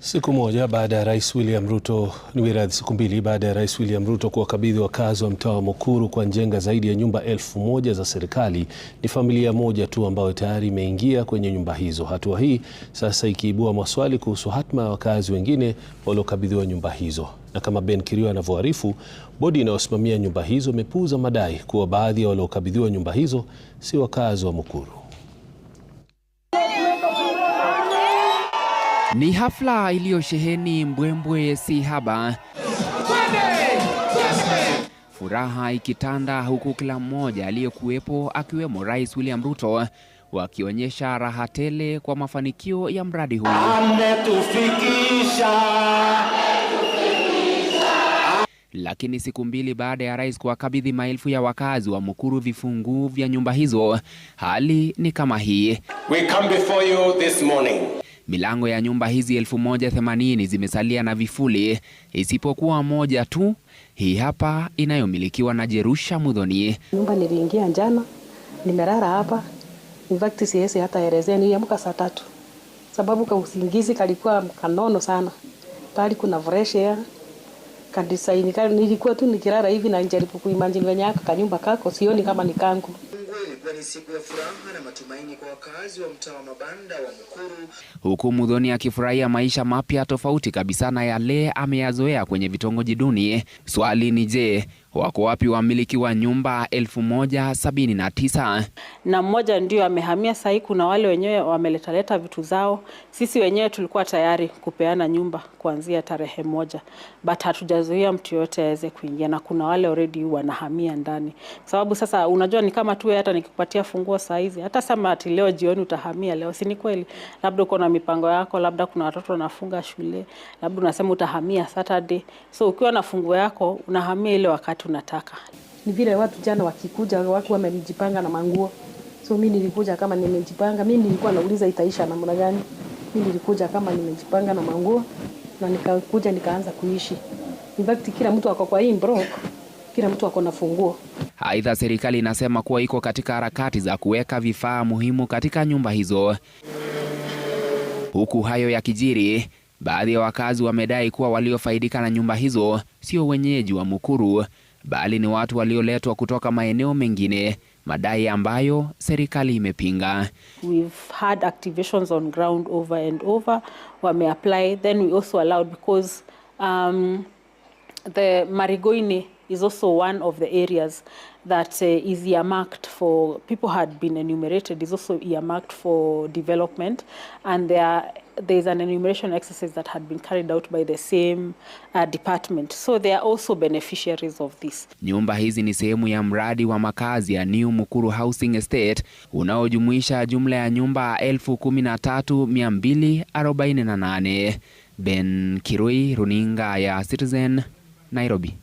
Siku moja baada ya Rais William Ruto ni wiradhi, siku mbili baada ya Rais William Ruto kuwakabidhi wakazi wa mtaa wa Mukuru kwa njenga zaidi ya nyumba elfu moja za serikali, ni familia moja tu ambayo tayari imeingia kwenye nyumba hizo. Hatua hii sasa ikiibua maswali kuhusu hatma ya wakazi wengine waliokabidhiwa nyumba hizo, na kama Ben Kirio anavyoarifu, bodi inayosimamia nyumba hizo imepuuza madai kuwa baadhi ya waliokabidhiwa nyumba hizo si wakazi wa Mukuru. Ni hafla iliyosheheni mbwembwe si haba, furaha ikitanda huku kila mmoja aliyekuwepo akiwemo Rais William Ruto wakionyesha raha tele kwa mafanikio ya mradi huu. Ametufikisha. Lakini siku mbili baada ya rais kuwakabidhi maelfu ya wakazi wa Mukuru vifunguu vya nyumba hizo, hali ni kama hii. We come before you this morning Milango ya nyumba hizi 1080 zimesalia na vifuli isipokuwa moja tu, hii hapa inayomilikiwa na Jerusha Mudhoni. Nyumba niliingia njana, nimerara hapa. In fact siwezi hata elezea, niliamka saa tatu sababu kwa usingizi kalikuwa kanono sana, pali kuna fresh air kanisa. Nilikuwa tu nikirara hivi na nijaribu kuimagine wenye aka kanyumba kako, sioni kama ni kangu ikiwa ni siku ya furaha na matumaini kwa wakazi wa mtaa wa mabanda wa Mukuru, huku Muthoni akifurahia maisha mapya tofauti kabisa na yale ameyazoea kwenye vitongoji duni. Swali ni je, Wako wapi wamiliki wa nyumba elfu na na mmoja ndio amehamia sahii. Kuna wale wenyewe wameletaleta vitu zao. Sisi wenyewe tulikuwa tayari kupeana nyumba kuanzia tarehe moja, but hatujazuia mtu yoyote aweze kuingia, na kuna wale already wanahamia ndani, sababu sasa unajua ni kama tu hata nikikupatia funguo saa hizi, hata sema ati leo jioni utahamia leo, si ni kweli? Labda uko na mipango yako, labda kuna watoto wanafunga shule, labda unasema utahamia Saturday, so ukiwa na funguo yako unahamia ile wakati tunataka. Ni vile watu jana wakikuja watu wamejipanga na manguo. So mimi nilikuja kama nimejipanga, mimi nilikuwa nauliza itaisha namna gani. Mimi nilikuja kama nimejipanga na manguo na nikakuja nikaanza kuishi. In fact kila mtu ako kwa hii block, kila mtu ako na funguo. Aidha, serikali inasema kuwa iko katika harakati za kuweka vifaa muhimu katika nyumba hizo. Huku hayo yakijiri, baadhi ya wakazi wamedai kuwa waliofaidika na nyumba hizo sio wenyeji wa Mukuru bali ni watu walioletwa kutoka maeneo mengine, madai ambayo serikali imepinga. We've had activations on ground over and over. Wame apply. Then we also allowed because um, the is also one of the areas that uh, is earmarked for people had been enumerated is also earmarked for development and there are there's an enumeration exercise that had been carried out by the same uh, department. So they are also beneficiaries of this. Nyumba hizi ni sehemu ya mradi wa makazi ya New Mukuru Housing Estate unaojumuisha jumla ya nyumba 13248. Ben Kirui, Runinga ya Citizen, Nairobi.